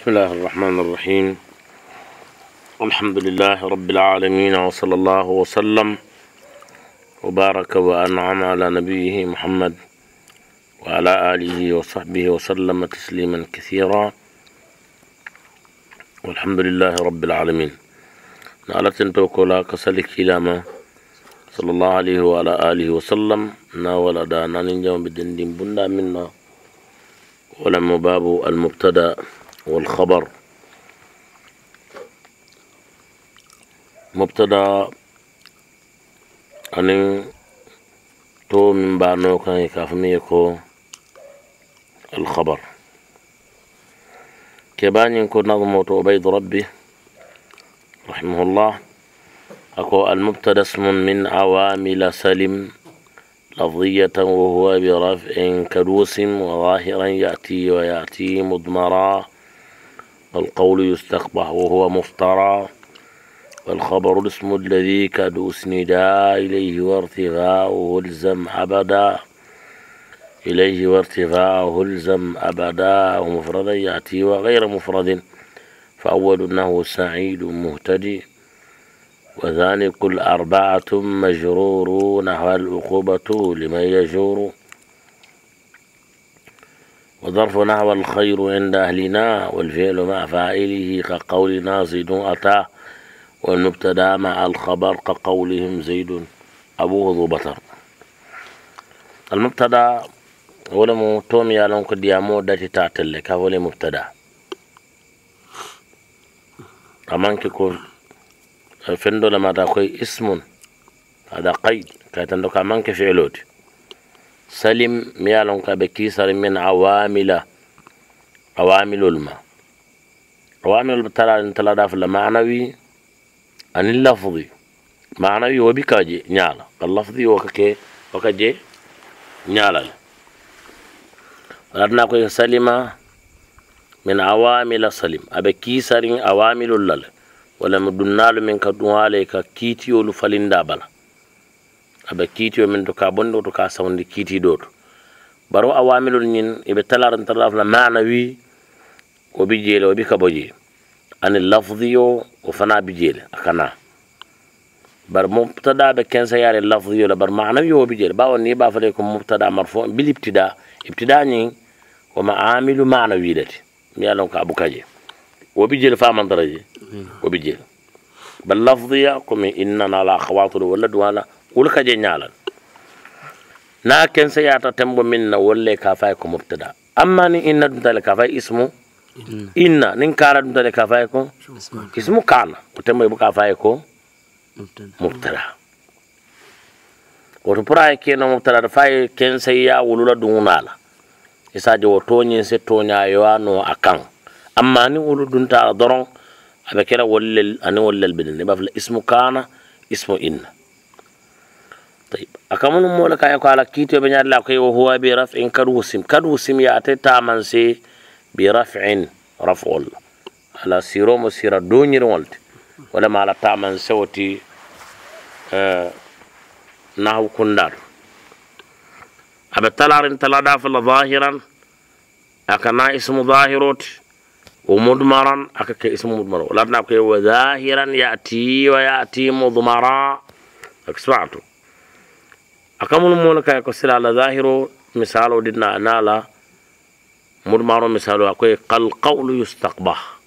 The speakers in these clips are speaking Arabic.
بسم الله الرحمن الرحيم الحمد لله رب العالمين وصلى الله وسلم وبارك وأنعم على نبيه محمد وعلى آله وصحبه وسلم تسليما كثيرا والحمد لله رب العالمين نالت توكولا كسلك ما صلى الله عليه وعلى آله وسلم ناول دانا ننجم بدندين بنا منا ولم باب المبتدأ والخبر مبتدا أني تو من بانو كان يكافني يكو الخبر كباني نظمو تو عبيد ربي رحمه الله أكو المبتدا اسم من عوامل سلم لفظية وهو برفع كدوس وظاهرا يأتي ويأتي مضمرا والقول يستقبح وهو مفترى والخبر الاسم الذي قد اسندا إليه وارتفاعه الزم أبدا إليه وارتفاعه الزم أبدا ومفردا يأتي وغير مفرد فأول أنه سعيد مهتدي وذلك قل أربعة مجرور نحو العقوبة لمن يجور وظرف نحو الخير عند أهلنا والفعل مع فاعله كقولنا زيد أتى والمبتدا مع الخبر كقولهم زيد أبوه ذو بطر المبتدا ولم يا لون قد يامو داتي تاتل كهولي مبتدا أمانك يكون فندو لما تقول اسم هذا قيد كاتندو كمانك فعلوتي salim mi ye a loŋ ka be kiisari min awamila awamilol ma awamilol tara ni tala dafu la manawi aniŋ lafdi manawi wo bi ka je ñaa la ka lafdi wo ka ke wo ka je ñaa le walatina koy salima min awamila salim a be kiisariŋ awamilol la le walla mi dunnaalu min ka duŋa le ka kiitiyolu falinda bala abe kiitiyo min to ka bonɗo to ka sawde kiitiɗo to baro awamilol ñin ibe talar eɓe la mana wi ko bi jeele o bi kabo jee ani lafdi yo o fana bi jeele akana bar mubtada be ɓe yare lafdi yo la bar manawi yo bi jeele bawo on ni ɓa fade ko mubtada marfo bil ibtida ibtida ñin ma amilu wi lati mi yalon ka bu kaje o bi jeele man daraje o bi jeele bal lafdiya komi innana ala akhawatuɗo walla duwala wol ka je ñalan na kense yata tembo min na wolle ka fay ko mubtada amma ni inna dum tale ka fay ismu inna nin kara dum tale ka fay ko ismu kana o tembo bu ka fay ko mubtada woto pura keno mubtada da fay kense ya wulula dunala isaje wo toñin se toña n'o akan amma ni wulu dunta doron abe kera wolle ani wolle bidin ne bafla ismu kana ismu inna طيب أكمل مولك أيك على كيتو يبني الله كي وهو برفع كروسم كروسم يأتي تامن سي برفع رفع الله على سيرو مسيرة دوني رولت ولا ما على تامن سوتي آه نحو كندار أبي تلارن داف الله ظاهرا أكنا اسم ظاهروت ومضمرا أكك اسم مضمر ولا بنابك وظاهرا يأتي ويأتي مضمرا أكسمعتم akamunu mona kay ko sila la zahiro misalo dinna nala murmaro misalo akoy qal qawlu yustaqbah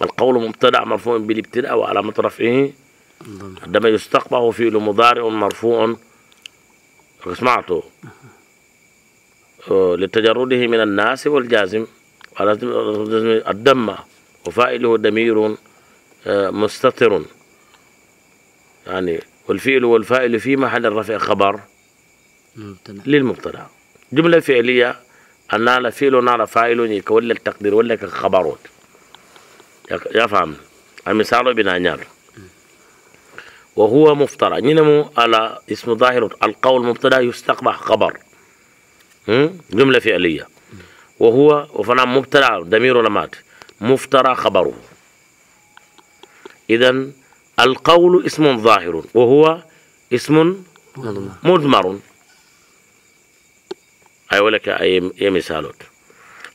القول مبتدع مرفوع بالابتداء وعلى رفعه عندما يستقبح فعل مضارع مرفوع سمعته لتجرده من الناس والجازم الدم وفائله دمير آه، مستتر يعني والفعل والفاعل في محل الرفع خبر للمبتدا جملة فعلية أن على فعل على فاعل يكون التقدير ولا خبرات يفهم المثال بنا نيار وهو مفترى ينمو على اسم ظاهر القول مبتدا يستقبح خبر جملة فعلية وهو وفنا مبتدا ضمير لمات مفترى خبره إذا القول اسم ظاهر وهو اسم مضمر أيوة لك أي مثالات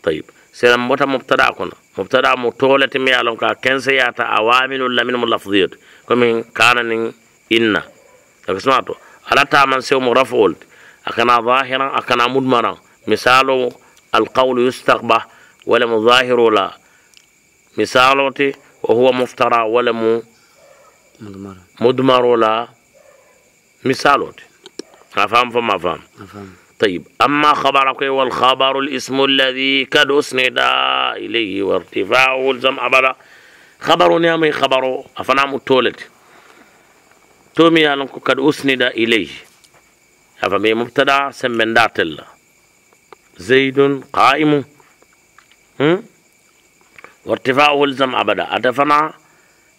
طيب سلام متى مبتدا كنا مبتدا مطولة ميالون كان سياتا أوامل ولا من ملفظيات كم كان إن لك سمعتو ألا تعمل سيو مرفول أكنا ظاهرا أكنا مضمرا مثال القول يستقبه ولا مظاهر ولا مثالاتي وهو مفترى ولا مو مدمر لا مثالات أفهم فهم أفهم طيب أما خبرك والخبر الاسم الذي قد أسند إليه وارتفاع الزم أبدا خبر نعمي خبر أفنام التولد تومي أنك قد أسند إليه أفهمي مبتدا سمن دات الله زيد قائم وارتفاعه الزم أبدا أتفنى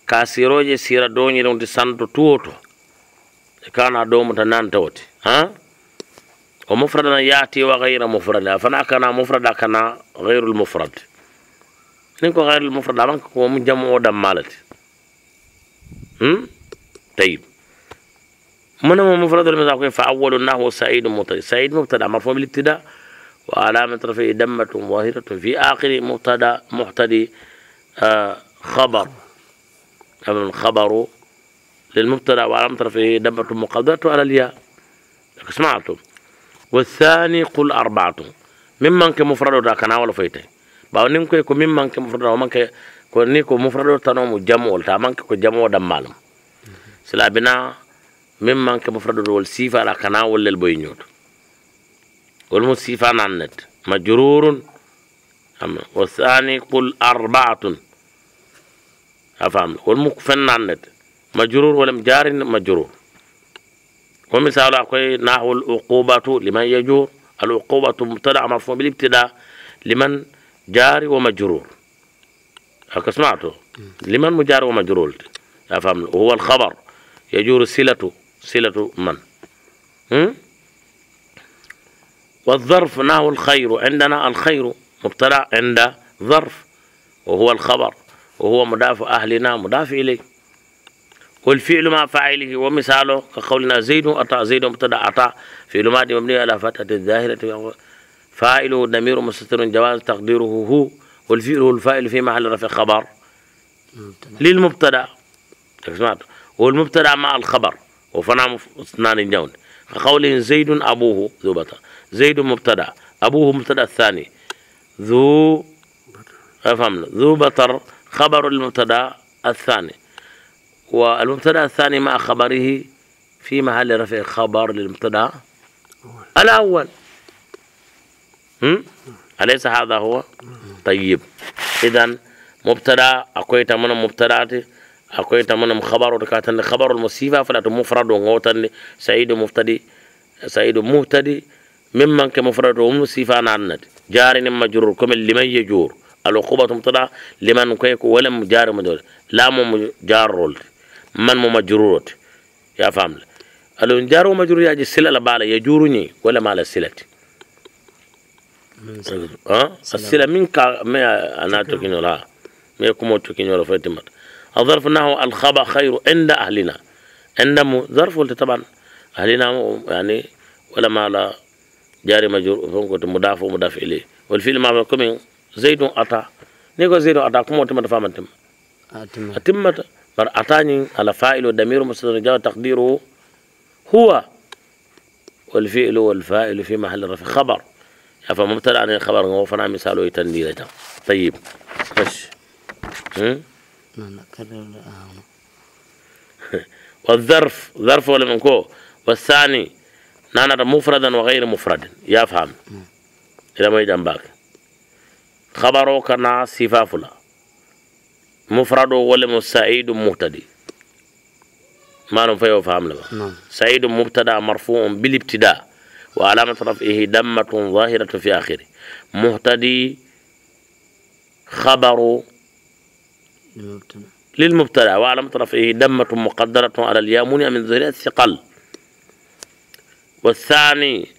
ka siroje sira doñire wonti santo tuwoto e kana domuta nanta wote ha o mufradana yaati wa gayra mufrada afana kana mufrada kana gayru lmufrad nin ko gayru lmufrad amanka ko mu jamu o dammalate hmm? tayib من هو مفرد المذاكرين فأول النحو سعيد مبتدأ سعيد مبتدأ مرفوع بالابتداء وعلامة رفعه دمة ظاهرة في آخر مبتدأ محتدي آه خبر كما الخبر للمبتدا وعلى طرفه دمة مقدرة على الياء سمعتم والثاني قل أربعة ممن كمفرد ذاك أنا ولا فيته بعدين كي كو ممن كمفرد ومن كو نيكو مفرد تنو جمع ولا من كو جمع دم معلوم سلا ممن كمفرد والسيفة على كنا ولا البينيوت والمسيف عن النت مجرور والثاني قل أربعة أفهمنا والمكفن عند مجرور ولم جار مجرور ومثال أقول نحو العقوبة لمن يجور العقوبة مبتدع مرفوع بالابتداء لمن جار ومجرور هكا سمعته لمن مجار ومجرور أفهم وهو الخبر يجور صلة صلة من م? والظرف نحو الخير عندنا الخير مبتدع عند ظرف وهو الخبر وهو مضاف أهلنا مضاف إليه والفعل ما فاعله ومثاله كقولنا زيد أطاع زيد مبتدا أطاع في ماضي مبني على فتحة الظاهرة فاعله نمير مستتر جواز تقديره هو والفعل هو الفاعل في محل رفع خبر للمبتدا والمبتدا مع الخبر وفنا اثنان جون كقوله زيد أبوه ذو بطا زيد مبتدا أبوه مبتدا الثاني ذو أفهمنا ذو بطر خبر المبتدا الثاني والمبتدا الثاني مع خبره في محل رفع خبر للمبتدا الأول هم؟ أليس هذا هو طيب إذا مبتدا أكويت من مبتدات أكويت من خبر وكاتن خبر المصيفة فلا مفرد وغوتن سعيد مفتدي سعيد مهتدي ممن كمفرد ومصيفة نانت جار مجرور كم لمن يجور العقوبة مبتدعة لمن كيك ولم جار مدول لا مو جار من مو مجرورت يا فهم قالوا إن جار ومجرور يجي السلة لبالا يجورني ولا مال السلة ها السلة من كا ما أنا تركين ولا ما يكون تكين ولا فاتمة الظرف نحو الخبا خير عند أهلنا عند ظرف قلت طبعا أهلنا يعني ولا مال جاري مجرور فهمت مدافع مضاف إليه والفيلم ما بكم زيدون أتا نيكو زيدون أتا كم أتم أتفا منتم أتم أتا أتم أتا أتاني على فائل ودمير مصدر رجاء تقديره هو والفعل والفائل في محل الرفع خبر فمبتدأ عن الخبر هو فنع مثاله يتندي لتا طيب خش ما نكرر الآن والظرف ظرف ولا منكو والثاني نانا مفردا وغير مفرد يا فهم نعم. إذا ما يجنباك باك خبرو كنا صفافلا مفرد ولا مسعيد مبتدي ما لهم فيو فهم لبا نعم. سعيد مبتدا مرفوع بالابتداء وعلامة رفعه دمة ظاهرة في آخره مهتدي خبر للمبتدا وعلامة رفعه دمة مقدرة على اليامون من ذريات الثقل والثاني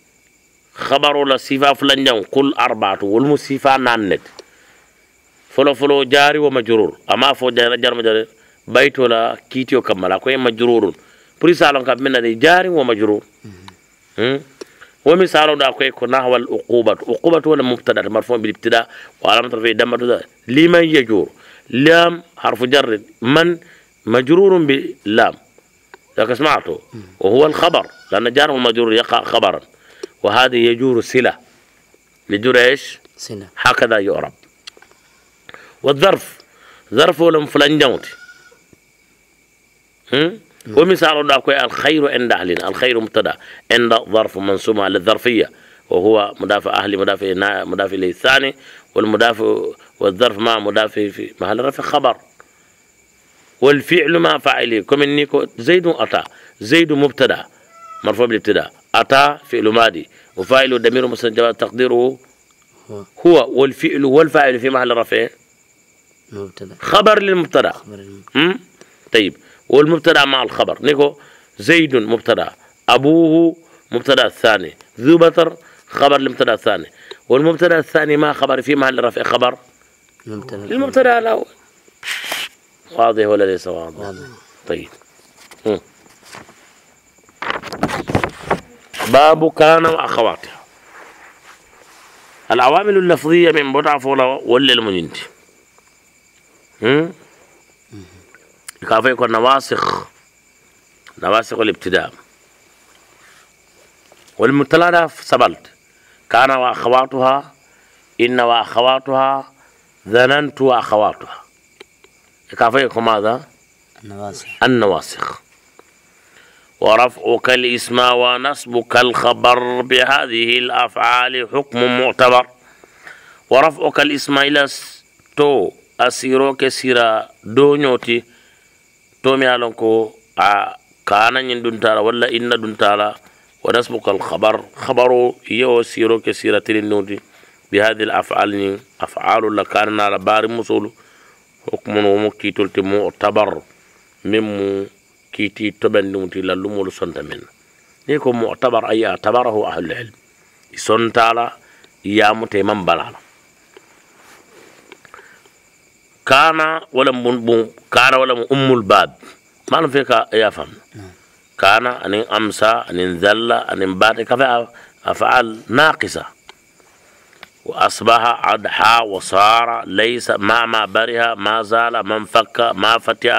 خبرو لا سيفا فلان كل أربعة والمسيفا نانت فلو فلو جاري ومجرور أما فو جاري جار مجرور بيت ولا كيتيو كملا كوي مجرور بريسالون كابينا دي جاري ومجرور هم ومثال دا كوي كناه والعقوبة عقوبة ولا مبتدا مرفوع بالابتداء وعلامة رفعه دم لمن يجور لام حرف جر من مجرور بلام لك سمعته وهو الخبر لأن جاره مجرور يقع خبرا وهذا يجور سلة يجور إيش سلة هكذا يعرب والظرف ظرف لم فلان جمت ومثال الخير عند أهلنا الخير مبتدا عند ظرف منصوب على الظرفية وهو مدافع أهلي مدافع مدافع لي الثاني والمدافع والظرف ما مدافع في محل رفع خبر والفعل ما فعله كم زيد أتى زيد مبتدأ مرفوع بالابتداء أتى فعل ماضي وفاعل ضمير مستتر تقديره هو والفعل والفاعل في محل رفع مبتدا خبر للمبتدا طيب والمبتدا مع الخبر نيكو زيد مبتدا أبوه مبتدا الثاني ذو بتر خبر للمبتدا الثاني والمبتدا الثاني ما خبر في محل رفع خبر المبتدا الأول واضح ولا ليس واضح طيب مم. باب كان وأخواتها العوامل اللفظية من بضع فولا ولا المنينت كيف يكون نواسخ نواسخ الابتداء والمتلانة سبلت كان وأخواتها إن وأخواتها ظننت وأخواتها كيف يكون ماذا؟ النواسخ النواسخ ورفعك الاسم ونصبك الخبر بهذه الأفعال حكم معتبر ورفعك الاسم إلى تو أسيرو كسيرا دونيوتي تومي ا آه، كان يندون تالا ولا إن دون تالا ونصبك الخبر خبر يو سيرو كسيرا تلينوتي بهذه الأفعال أفعال لكان على بار مسول حكم ومكي تلتمو معتبر ممو كيتي تبندون تي لالومو سنت من نيكو معتبر أي اعتبره أهل العلم سنت على يام من بلالا كان ولا بون كان ولا أم الباب ما لهم يا فهم نعم. كان أن أمسى أن ذل أن بعد كفى أفعال ناقصة وأصبح أضحى وصار ليس ما ما برها ما زال من فك ما فتئ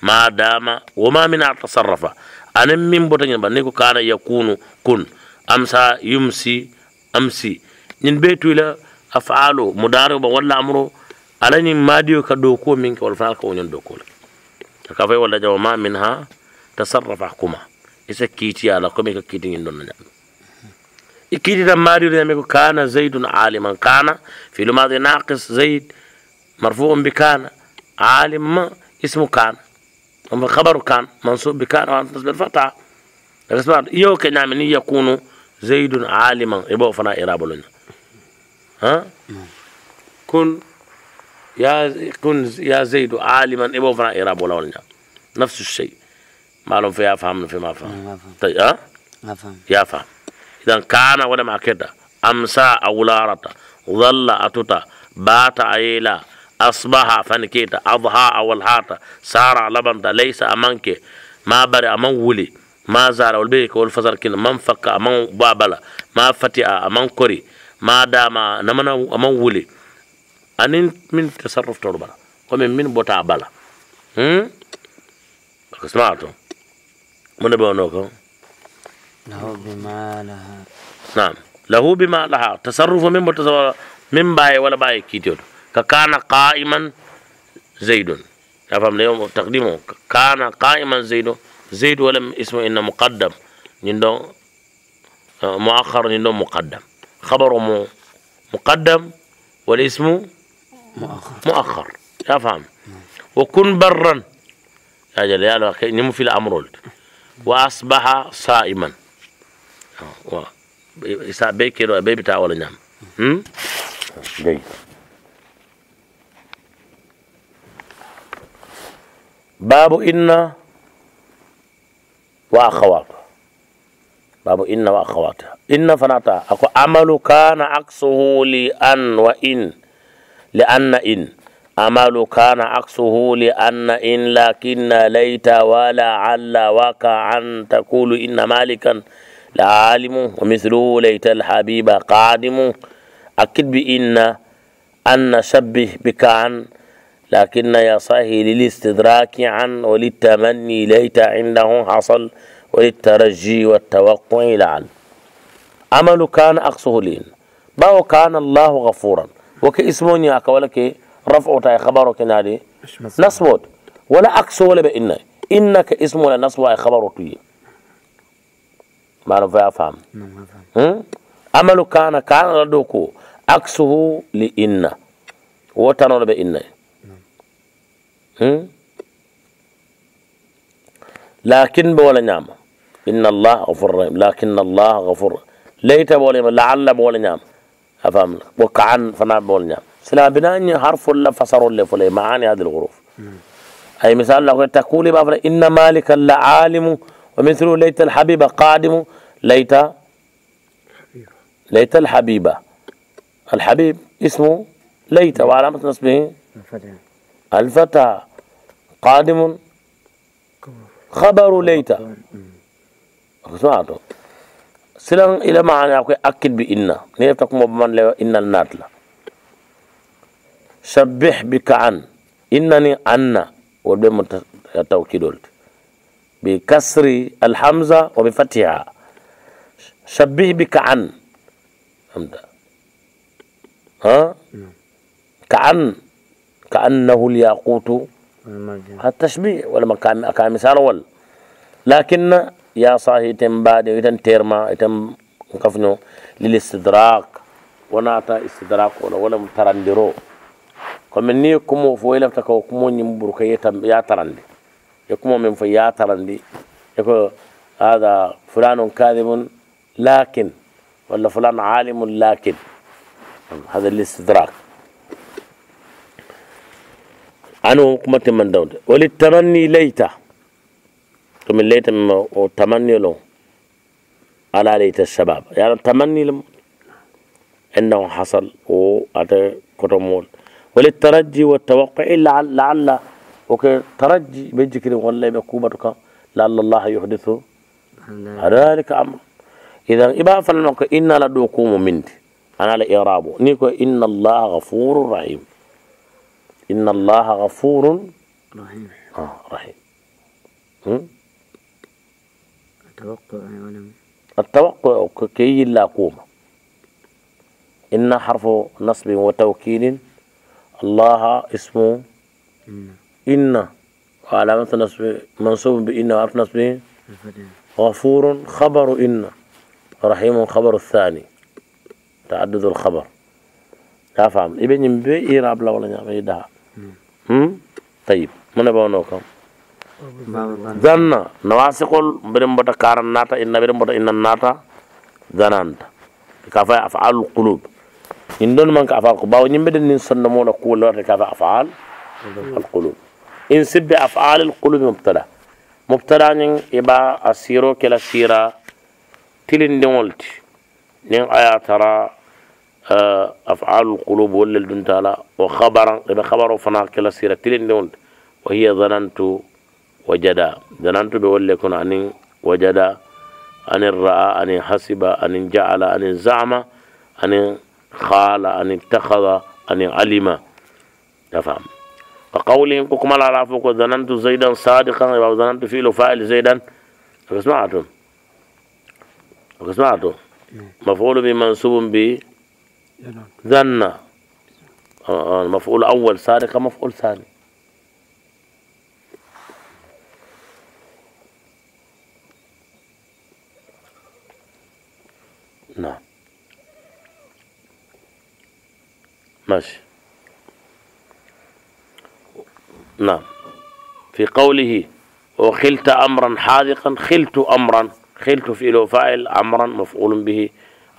ma dama wo ma min atasarrafa anin min bota ñin ba ni ko kana yakunu kun amsa yumsi amsi ñin be tuyla afalu mudari ba walla amro alani madiyo ka do ko min ko fa ko ñon do ko la ka fay walla jaw ma min ha tasarrafa kuma isa kiti ala ko mi ka kiti ñin don na da mariyo ne ko kana zaidun aliman kana fil lumadi naqis zaid bi kana aliman ismu kana أما خبر كان منصوب بكان وأنفس آه، بالفتحة الأسباب يو كنا نعم من يكون زيد عالما يبقى فنا إرابلنا ها كن يا كن يا زيد عالما يبقى فنا إرابلنا نفس الشيء ما معلوم فيها في ما فهم طيب ها يا فهم إذا كان ولا ما كده أمسى أولارته ظل أتوتا بات عيلا asbaha fanikita adha hata sara labanta laysa amanke ma bari aman wuli ma zara wol bayka wal fazar kin man fakka aman babala ma fati a aman kori ma dama namana aman wuli anin min tasarruf toro bala komin min bota bala hmm? ba to mune ɓe wono laha nam lahu bima laha tasarruf min bo min baye wala baye kiitoto كان قائما زيد أفهم اليوم تقديمه كان قائما زيد زيد ولم اسمه إن مقدم نندو آه، مؤخر نندو مقدم خبره مقدم والاسم مؤخر مؤخر أفهم وكن برا أجل يا نمو في الأمر وأصبح صائما آه، بيكر بيبتاع ولا نعم جيد باب إن وأخواته باب إن وأخواته إن فنعطى أكو عمل كان عكسه لأن وإن لأن إن عمل كان عكسه لأن إن لكن ليت ولا عل وكا أن تقول إن مالكا لعالم ومثله ليت الحبيب قادم أكد بإن أن شبه بك عن لكن صاحي للاستدراك عن وللتمني ليت عنده حصل وللترجي والتوقع لعل عمل كان أقصه لين باو كان الله غفورا ياك ولك رفع تاي خبرك نادي نصبوت ولا أقصه ولا بإن إنك اسم ولا نصب أي خبر تي ما رفع أفهم عمل كان كان ردوكو أقصه لإن وتنور بإنه لكن بولا نعم إن الله غفور رحيم لكن الله غفور ليت بولا لعل بولا نعم أفهم وكعن فنا بولا نعم سلا اني حرف ولا فسر ولا فلي معاني هذه الغروف أي مثال لو تقول بافر إن مالك لعالم ومثله ليت الحبيب قادم ليت ليت الحبيب الحبيب اسمه ليت وعلامة نصبه الفتى قادم خبر ليت سمعتوا سلام الى معنى اكد بان نيتكم بمن لو ان الناتلا سبح بك عن انني انا وبم التوكيد بكسر الحمزه وبفتحها سبح بك عن حمد ها نعم. كان كانه الياقوت التشبيه ولا ما كان كان مثال ولا لكن يا صاحي تم بعد يتم تيرما يتم كفنو للاستدراك وناتا استدراك ولا ولا مترندرو كمن ني كومو فويلا تكو كومو نيم بركاي تم يا ترندي يكومو من في يا ترندي يكو هذا فلان كاذب لكن ولا فلان عالم لكن هذا الاستدراك عنو كما تمن دود وللتمني ليتا تمن ليتا وتمني له على ليت الشباب يعني تمني لم انه حصل واتى كرمول وللترجي والتوقع الا لعل وكترجي بيجي كده والله بكوبتك لعل الله يحدث ذلك امر اذا ابا فلنك أنا لدوكم مني انا لا ارابو نيكو ان الله غفور رحيم إن الله غفور رحيم آه رحيم التوقع ولم التوقع كي لا قوم إن حرف نصب وتوكيل الله اسمه إن وعلامة نصب منصوب بإن وعرف نصب إيه؟ غفور خبر إن رحيم خبر الثاني تعدد الخبر لا فهم ابن بي إيراب لا ولا نعم hmm tayib mana ba no kam zanna nawasiqul mbirim bota karan nata inna mbirim bota inna nata zananta kafa afal qulub indon man ka afal ko baw nyimbe den nin sonna mona ko lorde kafa afal al qulub in sibbi afal al qulub mubtada mubtada nin iba asiro kala sira tilindolti nin ayatara آه، أفعال القلوب ولا الدنتالا وخبرا إذا خبروا فنا كلا سيرة تلين وهي ظننت وجدا ظننت بولي كنا أن وجدا أن رأى أن حسب أن جعل أن زعم أن خال أن اتخذ أن علم تفهم كقولهم كما لا رافق ظننت زيدا صادقا ظننت فيل فاعل زيدا فاسمعتم فاسمعتم نعم. مفعول بمنصوب به ذنة آه، آه، المفعول أول سارق مفعول ثاني نعم ماشي نعم في قوله وخلت أمرا حاذقا خلت أمرا خلت في فاعل أمرا مفعول به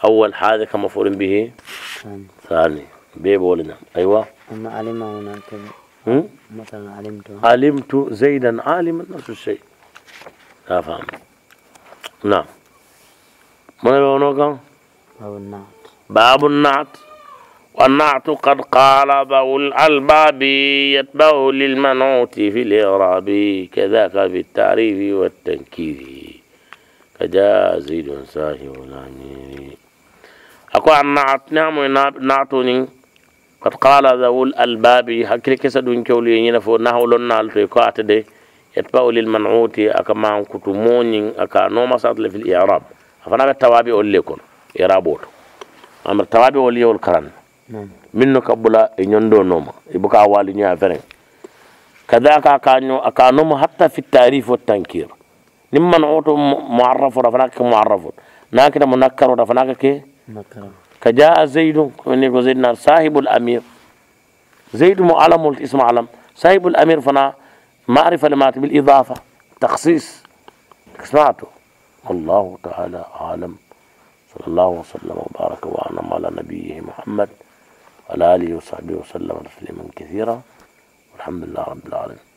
أول حاجة كان به ثاني ثاني بيبولنا أيوة أما علم هنا مثلا علمت علمت زيدا عالما نفس الشيء لا فهم نعم من هناك باب النعت باب النعت والنعت قد قال بو الألباب يتبع للمنعوت في الإعراب كذاك في التعريف والتنكيذ كجاء زيد ساهي الأمير ako an naat ne hamoye naatoñin kad qala zawul albabi hakkille kesa ɗum cowlu ye ñina fo naholonnaalu to ko ate de yatba'u lil man'uti aka mankutu moñin aka nooma satle fil i'rab afana ka ol le kono i'rabo to amr tawabi ol yewol karan min no kabula e ñondo noma e buka wali ñoya feren kadaka aka ño ka noma hatta fi tarif wa tankir nim man'utu mu'arrafun afana ka mu'arrafun nakita munakkar ka ke كجاء زيد zeydu ko صاحب الامير زيد معلم اسم علم صاحب الامير فانا معرفه لما بالاضافه تخصيص سمعته والله تعالى اعلم صلى الله وسلم وبارك وانعم على نبيه محمد وعلى اله وصحبه وسلم تسليما كثيرا والحمد لله رب العالمين